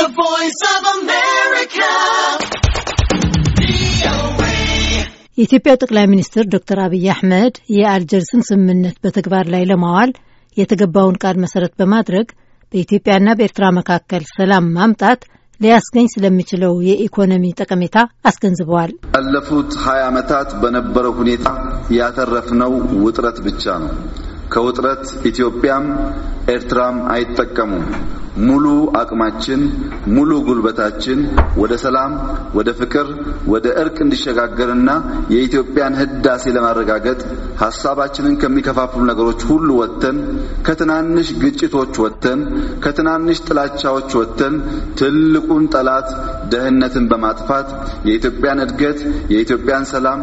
The Voice of America. የኢትዮጵያ ጠቅላይ ሚኒስትር ዶክተር አብይ አሕመድ የአልጀርስን ስምምነት በተግባር ላይ ለማዋል የተገባውን ቃል መሰረት በማድረግ በኢትዮጵያና በኤርትራ መካከል ሰላም ማምጣት ሊያስገኝ ስለሚችለው የኢኮኖሚ ጠቀሜታ አስገንዝበዋል። ባለፉት ሀያ ዓመታት በነበረው ሁኔታ ያተረፍነው ውጥረት ብቻ ነው። ከውጥረት ኢትዮጵያም ኤርትራም አይጠቀሙም። ሙሉ አቅማችን ሙሉ ጉልበታችን ወደ ሰላም፣ ወደ ፍቅር፣ ወደ እርቅ እንዲሸጋገርና የኢትዮጵያን ህዳሴ ለማረጋገጥ ሀሳባችንን ከሚከፋፍሉ ነገሮች ሁሉ ወጥተን ከትናንሽ ግጭቶች ወጥተን ከትናንሽ ጥላቻዎች ወጥተን ትልቁን ጠላት ደህንነትን በማጥፋት የኢትዮጵያን እድገት፣ የኢትዮጵያን ሰላም፣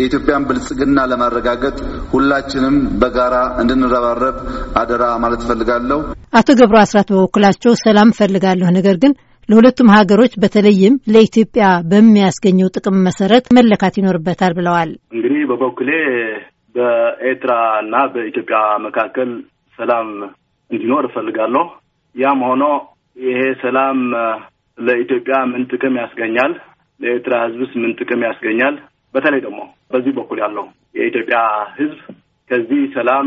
የኢትዮጵያን ብልጽግና ለማረጋገጥ ሁላችንም በጋራ እንድንረባረብ አደራ ማለት እፈልጋለሁ። አቶ ገብሩ አስራት በበኩላቸው ሰላም እፈልጋለሁ፣ ነገር ግን ለሁለቱም ሀገሮች በተለይም ለኢትዮጵያ በሚያስገኘው ጥቅም መሰረት መለካት ይኖርበታል ብለዋል። እንግዲህ በበኩሌ በኤርትራ እና በኢትዮጵያ መካከል ሰላም እንዲኖር እፈልጋለሁ። ያም ሆኖ ይሄ ሰላም ለኢትዮጵያ ምን ጥቅም ያስገኛል? ለኤርትራ ሕዝብስ ምን ጥቅም ያስገኛል? በተለይ ደግሞ በዚህ በኩል ያለው የኢትዮጵያ ሕዝብ ከዚህ ሰላም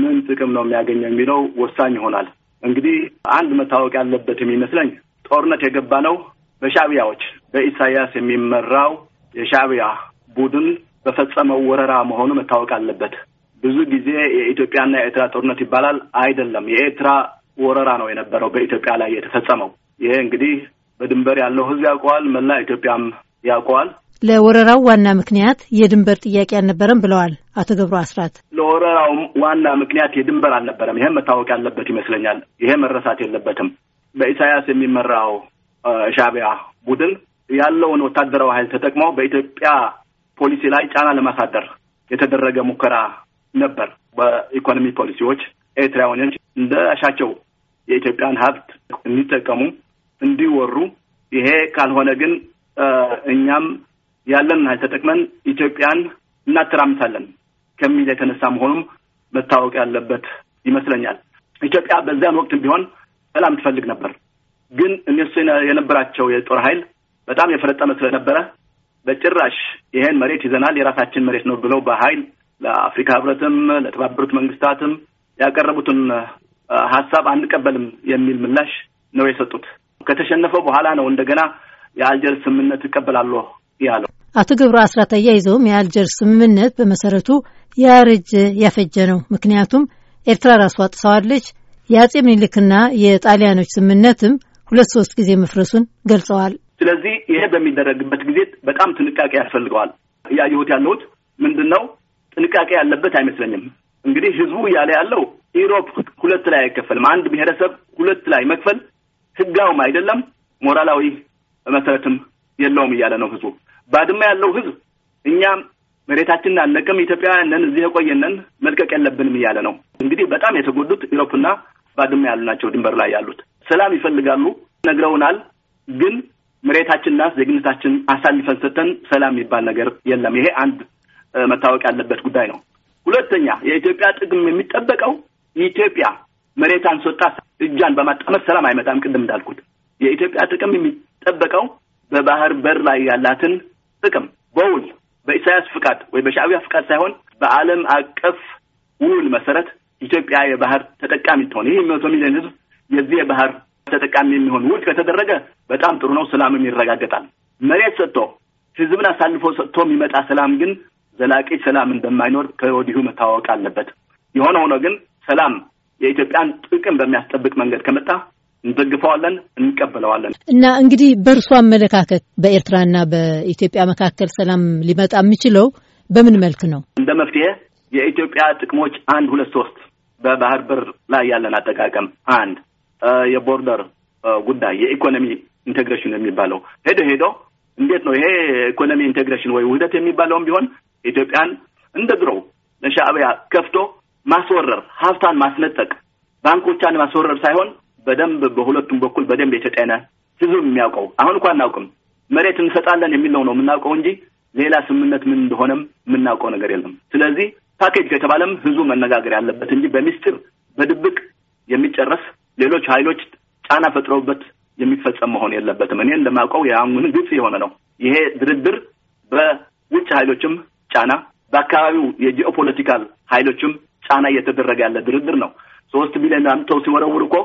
ምን ጥቅም ነው የሚያገኘው የሚለው ወሳኝ ይሆናል። እንግዲህ አንድ መታወቅ ያለበት የሚመስለኝ ጦርነት የገባ ነው በሻቢያዎች በኢሳያስ የሚመራው የሻቢያ ቡድን በፈጸመው ወረራ መሆኑ መታወቅ አለበት። ብዙ ጊዜ የኢትዮጵያና የኤርትራ ጦርነት ይባላል። አይደለም፣ የኤርትራ ወረራ ነው የነበረው በኢትዮጵያ ላይ የተፈጸመው። ይሄ እንግዲህ በድንበር ያለው ሕዝብ ያውቀዋል፣ መላ ኢትዮጵያም ያውቀዋል። ለወረራው ዋና ምክንያት የድንበር ጥያቄ አልነበረም ብለዋል አቶ ገብሩ አስራት። ለወረራው ዋና ምክንያት የድንበር አልነበረም። ይሄም መታወቅ ያለበት ይመስለኛል። ይሄ መረሳት የለበትም። በኢሳያስ የሚመራው ሻቢያ ቡድን ያለውን ወታደራዊ ኃይል ተጠቅመው በኢትዮጵያ ፖሊሲ ላይ ጫና ለማሳደር የተደረገ ሙከራ ነበር። በኢኮኖሚ ፖሊሲዎች ኤርትራውያኖች እንደ አሻቸው የኢትዮጵያን ሀብት እንዲጠቀሙ እንዲወሩ፣ ይሄ ካልሆነ ግን እኛም ያለን ኃይል ተጠቅመን ኢትዮጵያን እናተራምሳለን ከሚል የተነሳ መሆኑም መታወቅ ያለበት ይመስለኛል። ኢትዮጵያ በዚያን ወቅትም ቢሆን ሰላም ትፈልግ ነበር። ግን እነሱ የነበራቸው የጦር ኃይል በጣም የፈረጠመ ስለነበረ በጭራሽ ይሄን መሬት ይዘናል፣ የራሳችን መሬት ነው ብለው በኃይል ለአፍሪካ ህብረትም ለተባበሩት መንግስታትም ያቀረቡትን ሀሳብ አንቀበልም የሚል ምላሽ ነው የሰጡት። ከተሸነፈው በኋላ ነው እንደገና የአልጀር ስምምነት እቀበላለሁ ያለው። አቶ ገብሩ አስራት አያይዘውም የአልጀር ስምምነት በመሰረቱ ያረጀ ያፈጀ ነው። ምክንያቱም ኤርትራ ራሷ ጥሰዋለች። የአጼ ምኒልክና የጣሊያኖች ስምምነትም ሁለት ሶስት ጊዜ መፍረሱን ገልጸዋል። ስለዚህ ይሄ በሚደረግበት ጊዜ በጣም ጥንቃቄ ያስፈልገዋል። እያየሁት ያለሁት ምንድን ነው ጥንቃቄ ያለበት አይመስለኝም። እንግዲህ ህዝቡ እያለ ያለው ኢሮፕ ሁለት ላይ አይከፈልም። አንድ ብሔረሰብ ሁለት ላይ መክፈል ህጋውም አይደለም፣ ሞራላዊ መሰረትም የለውም እያለ ነው ህዝቡ። ባድመ ያለው ህዝብ እኛ መሬታችንን አልለቅም ኢትዮጵያውያንን እዚህ የቆየነን መልቀቅ የለብንም እያለ ነው። እንግዲህ በጣም የተጎዱት ኢሮፕና ባድመ ያሉ ናቸው። ድንበር ላይ ያሉት ሰላም ይፈልጋሉ ነግረውናል። ግን መሬታችንና ዜግነታችን አሳልፈን ሰጥተን ሰላም የሚባል ነገር የለም። ይሄ አንድ መታወቅ ያለበት ጉዳይ ነው። ሁለተኛ የኢትዮጵያ ጥቅም የሚጠበቀው ኢትዮጵያ መሬታን ስወጣ እጇን በማጣመር ሰላም አይመጣም። ቅድም እንዳልኩት የኢትዮጵያ ጥቅም የሚጠበቀው በባህር በር ላይ ያላትን ጥቅም በውል በኢሳያስ ፍቃድ ወይ በሻዕቢያ ፍቃድ ሳይሆን በዓለም አቀፍ ውል መሰረት ኢትዮጵያ የባህር ተጠቃሚ ትሆን ይህ መቶ ሚሊዮን ህዝብ የዚህ የባህር ተጠቃሚ የሚሆን ውል ከተደረገ በጣም ጥሩ ነው። ሰላምም ይረጋገጣል። መሬት ሰጥቶ ህዝብን አሳልፎ ሰጥቶ የሚመጣ ሰላም ግን ዘላቂ ሰላም እንደማይኖር ከወዲሁ መታወቅ አለበት። የሆነ ሆኖ ግን ሰላም የኢትዮጵያን ጥቅም በሚያስጠብቅ መንገድ ከመጣ እንደግፈዋለን፣ እንቀበለዋለን። እና እንግዲህ በእርሱ አመለካከት በኤርትራና በኢትዮጵያ መካከል ሰላም ሊመጣ የሚችለው በምን መልክ ነው? እንደ መፍትሄ የኢትዮጵያ ጥቅሞች አንድ ሁለት ሶስት በባህር በር ላይ ያለን አጠቃቀም አንድ የቦርደር ጉዳይ የኢኮኖሚ ኢንቴግሬሽን የሚባለው ሄዶ ሄዶ እንዴት ነው ይሄ ኢኮኖሚ ኢንቴግሬሽን ወይ ውህደት የሚባለውም ቢሆን ኢትዮጵያን እንደ ድሮው ለሻዕቢያ ከፍቶ ማስወረር፣ ሀብታን ማስነጠቅ፣ ባንኮቿን ማስወረር ሳይሆን በደንብ በሁለቱም በኩል በደንብ የተጤነ ህዝብ የሚያውቀው አሁን እንኳ አናውቅም። መሬት እንሰጣለን የሚለው ነው የምናውቀው እንጂ ሌላ ስምምነት ምን እንደሆነም የምናውቀው ነገር የለም። ስለዚህ ፓኬጅ ከተባለም ህዝቡ መነጋገር ያለበት እንጂ በሚስጥር በድብቅ የሚጨረስ ሌሎች ኃይሎች ጫና ፈጥረውበት የሚፈጸም መሆን የለበትም። እኔ እንደማውቀው የአሁን ግልጽ የሆነ ነው። ይሄ ድርድር በውጭ ኃይሎችም ጫና፣ በአካባቢው የጂኦፖለቲካል ኃይሎችም ጫና እየተደረገ ያለ ድርድር ነው። ሶስት ቢሊዮን አምጥተው ሲወረውር እኮ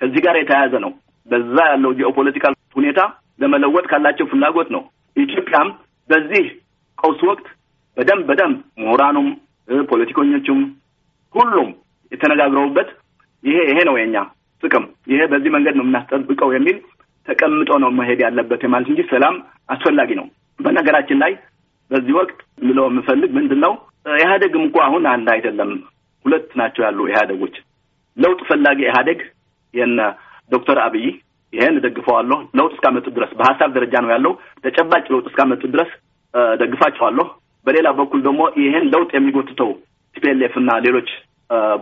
ከዚህ ጋር የተያያዘ ነው። በዛ ያለው ጂኦፖለቲካል ሁኔታ ለመለወጥ ካላቸው ፍላጎት ነው። ኢትዮጵያም በዚህ ቀውስ ወቅት በደንብ በደንብ ምሁራኑም ፖለቲከኞቹም ሁሉም የተነጋግረውበት ይሄ ይሄ ነው የኛ ጥቅም፣ ይሄ በዚህ መንገድ ነው የምናስጠብቀው የሚል ተቀምጦ ነው መሄድ ያለበት ማለት እንጂ ሰላም አስፈላጊ ነው። በነገራችን ላይ በዚህ ወቅት ብለው የምፈልግ ምንድን ነው ኢህአዴግም እኮ አሁን አንድ አይደለም፣ ሁለት ናቸው ያሉ ኢህአዴጎች። ለውጥ ፈላጊ ኢህአዴግ የነ ዶክተር አብይ ይሄን እደግፈዋለሁ። ለውጥ እስካመጡ ድረስ በሀሳብ ደረጃ ነው ያለው። ተጨባጭ ለውጥ እስካመጡ ድረስ ደግፋቸዋለሁ። በሌላ በኩል ደግሞ ይሄን ለውጥ የሚጎትተው ቲፒኤልኤፍ እና ሌሎች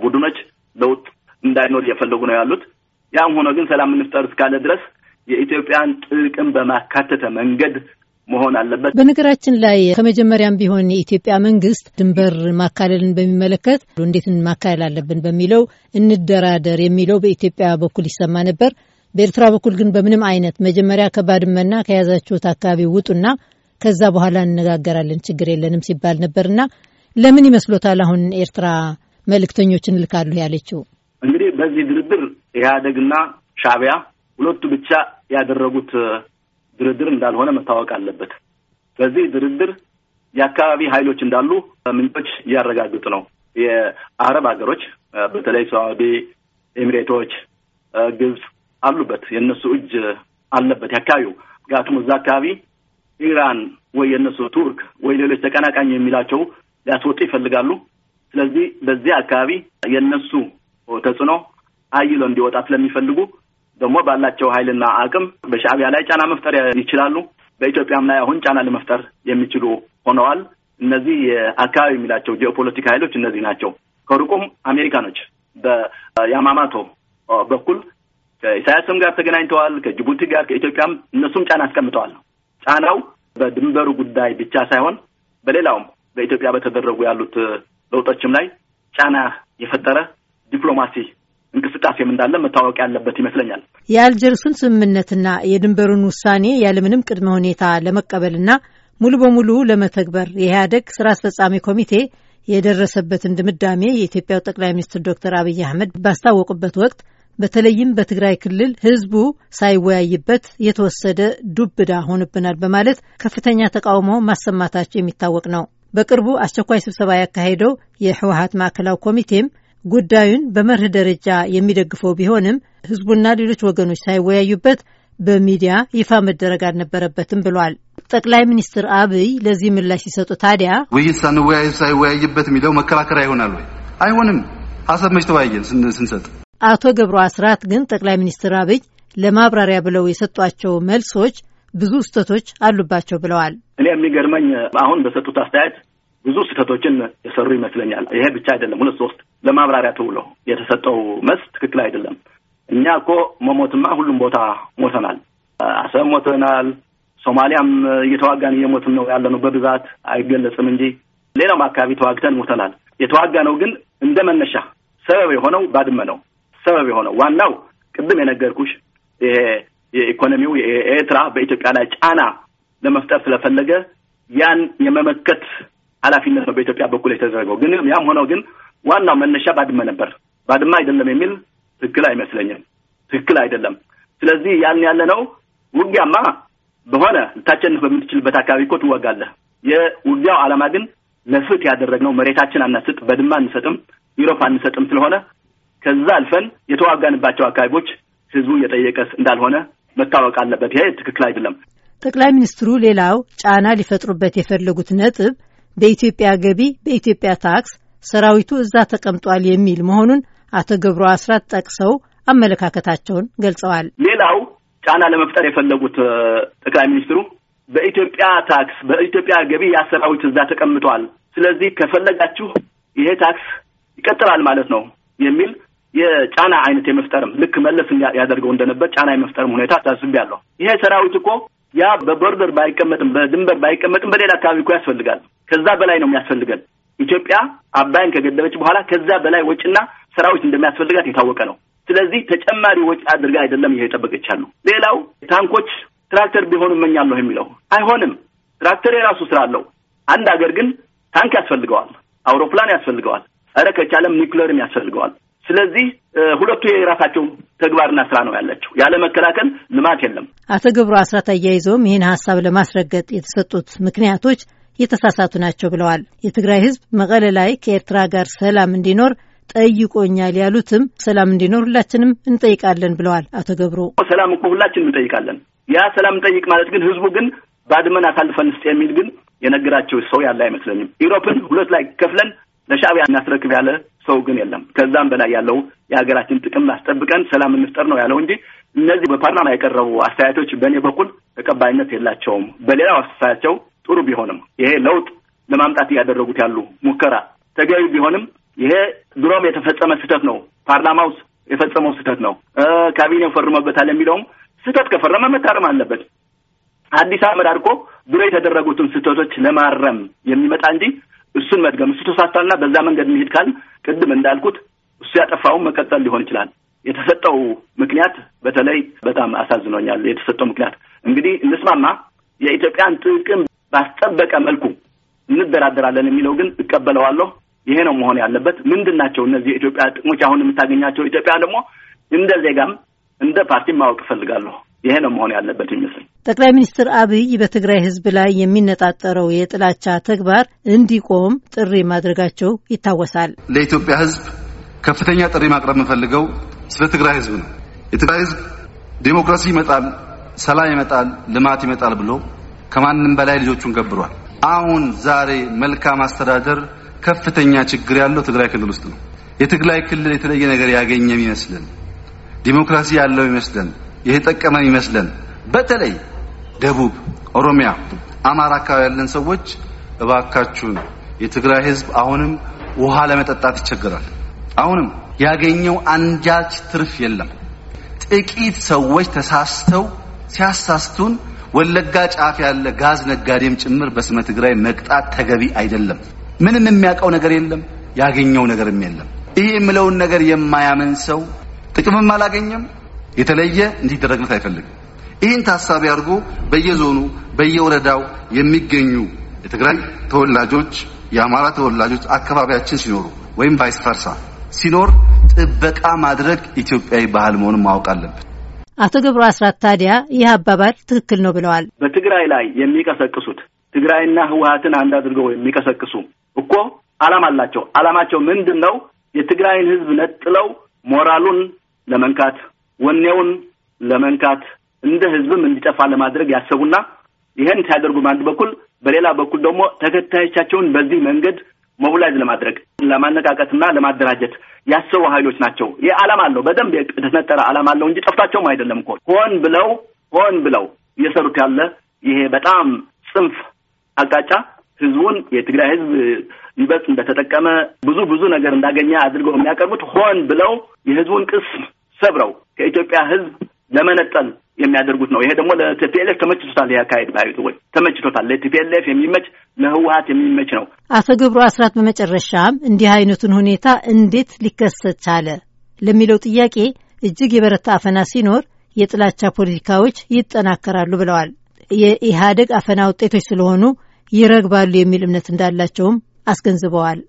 ቡድኖች ለውጥ እንዳይኖር እየፈለጉ ነው ያሉት። ያም ሆኖ ግን ሰላም እንፍጠር እስካለ ድረስ የኢትዮጵያን ጥቅም በማካተተ መንገድ መሆን አለበት። በነገራችን ላይ ከመጀመሪያም ቢሆን የኢትዮጵያ መንግስት ድንበር ማካለልን በሚመለከት እንዴት ማካለል አለብን በሚለው እንደራደር የሚለው በኢትዮጵያ በኩል ይሰማ ነበር። በኤርትራ በኩል ግን በምንም አይነት መጀመሪያ ከባድመና ከያዛችሁት አካባቢ ውጡና ከዛ በኋላ እንነጋገራለን ችግር የለንም ሲባል ነበርና ለምን ይመስሎታል አሁን ኤርትራ መልእክተኞች እንልካሉ ያለችው? እንግዲህ በዚህ ድርድር ኢህአዴግና ሻቢያ ሁለቱ ብቻ ያደረጉት ድርድር እንዳልሆነ መታወቅ አለበት። በዚህ ድርድር የአካባቢ ኃይሎች እንዳሉ ምንጮች እያረጋግጡ ነው። የአረብ ሀገሮች በተለይ ሳዑዲ፣ ኤሚሬቶች፣ ግብፅ አሉበት። የእነሱ እጅ አለበት። የአካባቢው ምክንያቱም እዛ አካባቢ ኢራን ወይ የእነሱ ቱርክ ወይ ሌሎች ተቀናቃኝ የሚላቸው ሊያስወጡ ይፈልጋሉ። ስለዚህ በዚህ አካባቢ የእነሱ ተጽዕኖ አይሎ እንዲወጣ ስለሚፈልጉ ደግሞ ባላቸው ኃይልና አቅም በሻዕቢያ ላይ ጫና መፍጠር ይችላሉ። በኢትዮጵያም ላይ አሁን ጫና ለመፍጠር የሚችሉ ሆነዋል። እነዚህ የአካባቢ የሚላቸው ጂኦፖለቲካ ኃይሎች እነዚህ ናቸው። ከሩቁም አሜሪካኖች በያማማቶ በኩል ከኢሳያስም ጋር ተገናኝተዋል። ከጅቡቲ ጋር ከኢትዮጵያም እነሱም ጫና አስቀምጠዋል። ጫናው በድንበሩ ጉዳይ ብቻ ሳይሆን በሌላውም በኢትዮጵያ በተደረጉ ያሉት ለውጦችም ላይ ጫና የፈጠረ ዲፕሎማሲ እንቅስቃሴም እንዳለ መታወቅ ያለበት ይመስለኛል። የአልጀርሱን ስምምነትና የድንበሩን ውሳኔ ያለምንም ቅድመ ሁኔታ ለመቀበልና ሙሉ በሙሉ ለመተግበር የኢህአደግ ስራ አስፈጻሚ ኮሚቴ የደረሰበትን ድምዳሜ የኢትዮጵያው ጠቅላይ ሚኒስትር ዶክተር አብይ አህመድ ባስታወቁበት ወቅት በተለይም በትግራይ ክልል ህዝቡ ሳይወያይበት የተወሰደ ዱብዳ ሆንብናል በማለት ከፍተኛ ተቃውሞ ማሰማታቸው የሚታወቅ ነው። በቅርቡ አስቸኳይ ስብሰባ ያካሄደው የህወሀት ማዕከላዊ ኮሚቴም ጉዳዩን በመርህ ደረጃ የሚደግፈው ቢሆንም ህዝቡና ሌሎች ወገኖች ሳይወያዩበት በሚዲያ ይፋ መደረግ አልነበረበትም ብሏል። ጠቅላይ ሚኒስትር አብይ ለዚህ ምላሽ ሲሰጡ ታዲያ ውይይት ሳንወያዩ ሳይወያይበት የሚለው መከራከሪያ ይሆናል ወይ? አይሆንም። አሰብ መች ተወያየን ስንሰጥ። አቶ ገብሩ አስራት ግን ጠቅላይ ሚኒስትር አብይ ለማብራሪያ ብለው የሰጧቸው መልሶች ብዙ ስህተቶች አሉባቸው ብለዋል። እኔ የሚገርመኝ አሁን በሰጡት አስተያየት ብዙ ስህተቶችን የሰሩ ይመስለኛል። ይሄ ብቻ አይደለም፣ ሁለት ሶስት ለማብራሪያ ተውሎ የተሰጠው መስ ትክክል አይደለም። እኛ እኮ መሞትማ ሁሉም ቦታ ሞተናል። አሰብ ሞተናል። ሶማሊያም እየተዋጋን እየሞትን ነው ነው። በብዛት አይገለጽም እንጂ ሌላም አካባቢ ተዋግተን ሞተናል። የተዋጋ ነው ግን እንደ መነሻ ሰበብ የሆነው ባድመ ነው። ሰበብ የሆነው ዋናው ቅድም የነገርኩሽ ይሄ የኢኮኖሚው የኤርትራ በኢትዮጵያ ላይ ጫና ለመፍጠር ስለፈለገ ያን የመመከት ኃላፊነት ነው በኢትዮጵያ በኩል የተደረገው። ግን ያም ሆነው ግን ዋናው መነሻ ባድመ ነበር። ባድመ አይደለም የሚል ትክክል አይመስለኝም። ትክክል አይደለም። ስለዚህ ያን ያለ ነው ውጊያማ በሆነ ልታቸንፍ በምትችልበት አካባቢ እኮ ትወጋለህ። የውጊያው ዓላማ ግን ለፍት ያደረግነው መሬታችን አናስጥ፣ በድመ አንሰጥም፣ ዩሮፕ አንሰጥም ስለሆነ ከዛ አልፈን የተዋጋንባቸው አካባቢዎች ህዝቡ እየጠየቀ እንዳልሆነ መታወቅ አለበት። ይሄ ትክክል አይደለም። ጠቅላይ ሚኒስትሩ ሌላው ጫና ሊፈጥሩበት የፈለጉት ነጥብ በኢትዮጵያ ገቢ በኢትዮጵያ ታክስ ሰራዊቱ እዛ ተቀምጧል የሚል መሆኑን አቶ ገብሩ አስራት ጠቅሰው አመለካከታቸውን ገልጸዋል። ሌላው ጫና ለመፍጠር የፈለጉት ጠቅላይ ሚኒስትሩ በኢትዮጵያ ታክስ በኢትዮጵያ ገቢ ያ ሰራዊት እዛ ተቀምጧል፣ ስለዚህ ከፈለጋችሁ ይሄ ታክስ ይቀጥላል ማለት ነው የሚል የጫና አይነት የመፍጠርም ልክ መለስ ያደርገው እንደነበር ጫና የመፍጠርም ሁኔታ ታስቤያለሁ። ይሄ ሰራዊት እኮ ያ በቦርደር ባይቀመጥም በድንበር ባይቀመጥም በሌላ አካባቢ እኮ ያስፈልጋል። ከዛ በላይ ነው የሚያስፈልገን። ኢትዮጵያ አባይን ከገደበች በኋላ ከዛ በላይ ወጪና ስራዎች እንደሚያስፈልጋት የታወቀ ነው። ስለዚህ ተጨማሪ ወጪ አድርጋ አይደለም ይሄ የጠበቀቻል ነው። ሌላው ታንኮች ትራክተር ቢሆኑ እመኛለሁ የሚለው አይሆንም። ትራክተር የራሱ ስራ አለው። አንድ ሀገር ግን ታንክ ያስፈልገዋል፣ አውሮፕላን ያስፈልገዋል፣ ረ ከቻለም ኒውክለርም ያስፈልገዋል። ስለዚህ ሁለቱ የራሳቸው ተግባርና ስራ ነው ያላቸው። ያለ መከላከል ልማት የለም። አቶ ገብሩ አስራት አያይዘውም ይህን ሀሳብ ለማስረገጥ የተሰጡት ምክንያቶች የተሳሳቱ ናቸው ብለዋል። የትግራይ ህዝብ መቀለ ላይ ከኤርትራ ጋር ሰላም እንዲኖር ጠይቆኛል ያሉትም ሰላም እንዲኖር ሁላችንም እንጠይቃለን ብለዋል። አቶ ገብሩ ሰላም እኮ ሁላችንም እንጠይቃለን። ያ ሰላም እንጠይቅ ማለት ግን ህዝቡ ግን ባድመን አሳልፈን ስጥ የሚል ግን የነገራቸው ሰው ያለ አይመስለኝም። ኢሮፕን ሁለት ላይ ከፍለን ለሻዕቢያ እናስረክብ ያለ ሰው ግን የለም። ከዛም በላይ ያለው የሀገራችን ጥቅም አስጠብቀን ሰላም እንፍጠር ነው ያለው እንጂ እነዚህ በፓርላማ የቀረቡ አስተያየቶች በእኔ በኩል ተቀባይነት የላቸውም። በሌላው አስተያየቸው ጥሩ ቢሆንም ይሄ ለውጥ ለማምጣት እያደረጉት ያሉ ሙከራ ተገቢ ቢሆንም ይሄ ድሮም የተፈጸመ ስህተት ነው። ፓርላማ ውስጥ የፈጸመው ስህተት ነው። ካቢኔው ፈርሞበታል የሚለውም ስህተት ከፈረመ መታረም አለበት። አዲስ አመድ አድርጎ ድሮ የተደረጉትን ስህተቶች ለማረም የሚመጣ እንጂ እሱን መድገም እሱ ተሳስቷልና በዛ መንገድ መሄድ ካል ቅድም እንዳልኩት እሱ ያጠፋውን መቀጠል ሊሆን ይችላል። የተሰጠው ምክንያት በተለይ በጣም አሳዝኖኛል። የተሰጠው ምክንያት እንግዲህ እንስማማ የኢትዮጵያን ጥቅም ባስጠበቀ መልኩ እንደራደራለን የሚለው ግን እቀበለዋለሁ። ይሄ ነው መሆን ያለበት። ምንድን ናቸው እነዚህ የኢትዮጵያ ጥቅሞች? አሁን የምታገኛቸው ኢትዮጵያ ደግሞ እንደ ዜጋም እንደ ፓርቲ ማወቅ እፈልጋለሁ። ይሄ ነው መሆን ያለበት ይመስል ጠቅላይ ሚኒስትር አብይ በትግራይ ህዝብ ላይ የሚነጣጠረው የጥላቻ ተግባር እንዲቆም ጥሪ ማድረጋቸው ይታወሳል። ለኢትዮጵያ ህዝብ ከፍተኛ ጥሪ ማቅረብ የምፈልገው ስለ ትግራይ ህዝብ ነው። የትግራይ ህዝብ ዴሞክራሲ ይመጣል፣ ሰላም ይመጣል፣ ልማት ይመጣል ብሎ ከማንም በላይ ልጆቹን ገብሯል። አሁን ዛሬ መልካም አስተዳደር ከፍተኛ ችግር ያለው ትግራይ ክልል ውስጥ ነው። የትግራይ ክልል የተለየ ነገር ያገኘ ይመስለን፣ ዲሞክራሲ ያለው ይመስለን፣ የተጠቀመ ይመስለን። በተለይ ደቡብ፣ ኦሮሚያ፣ አማራ አካባቢ ያለን ሰዎች እባካችሁን የትግራይ ህዝብ አሁንም ውሃ ለመጠጣት ይቸገራል። አሁንም ያገኘው አንዳች ትርፍ የለም። ጥቂት ሰዎች ተሳስተው ሲያሳስቱን ወለጋ ጫፍ ያለ ጋዝ ነጋዴም ጭምር በስመ ትግራይ መቅጣት ተገቢ አይደለም። ምንም የሚያውቀው ነገር የለም፣ ያገኘው ነገርም የለም። ይህ የምለውን ነገር የማያምን ሰው ጥቅምም አላገኘም፣ የተለየ እንዲደረግለት አይፈልግም። ይህን ታሳቢ አድርጎ በየዞኑ በየወረዳው የሚገኙ የትግራይ ተወላጆች የአማራ ተወላጆች አካባቢያችን ሲኖሩ ወይም ቫይስ ፈርሳ ሲኖር ጥበቃ ማድረግ ኢትዮጵያዊ ባህል መሆኑን ማወቅ አለብን። አቶ ገብሩ አስራት ታዲያ ይህ አባባል ትክክል ነው ብለዋል። በትግራይ ላይ የሚቀሰቅሱት ትግራይና ህወሀትን አንድ አድርገው የሚቀሰቅሱ እኮ አላማ አላቸው። አላማቸው ምንድን ነው? የትግራይን ህዝብ ነጥለው ሞራሉን ለመንካት፣ ወኔውን ለመንካት፣ እንደ ህዝብም እንዲጠፋ ለማድረግ ያሰቡና ይህን ሲያደርጉ በአንድ በኩል በሌላ በኩል ደግሞ ተከታዮቻቸውን በዚህ መንገድ ሞቢላይዝ ለማድረግ ለማነቃቀትና ለማደራጀት ያሰቡ ኃይሎች ናቸው። ይህ ዓላማ አለው፣ በደንብ የተነጠረ ዓላማ አለው እንጂ ጠፍቷቸውም አይደለም እኮ ሆን ብለው ሆን ብለው እየሰሩት ያለ ይሄ በጣም ጽንፍ አቅጣጫ ህዝቡን የትግራይ ህዝብ ይበልጥ እንደተጠቀመ ብዙ ብዙ ነገር እንዳገኘ አድርገው የሚያቀርቡት ሆን ብለው የህዝቡን ቅስም ሰብረው ከኢትዮጵያ ህዝብ ለመነጠል የሚያደርጉት ነው። ይሄ ደግሞ ለቲፒኤልኤፍ ተመችቶታል። ይሄ አካሄድ ባዩት ወይ ተመችቶታል። ለቲፒኤልኤፍ የሚመች ለህወሀት የሚመች ነው። አቶ ገብሩ አስራት በመጨረሻም እንዲህ አይነቱን ሁኔታ እንዴት ሊከሰት ቻለ ለሚለው ጥያቄ እጅግ የበረታ አፈና ሲኖር የጥላቻ ፖለቲካዎች ይጠናከራሉ ብለዋል። የኢህአደግ አፈና ውጤቶች ስለሆኑ ይረግባሉ የሚል እምነት እንዳላቸውም አስገንዝበዋል።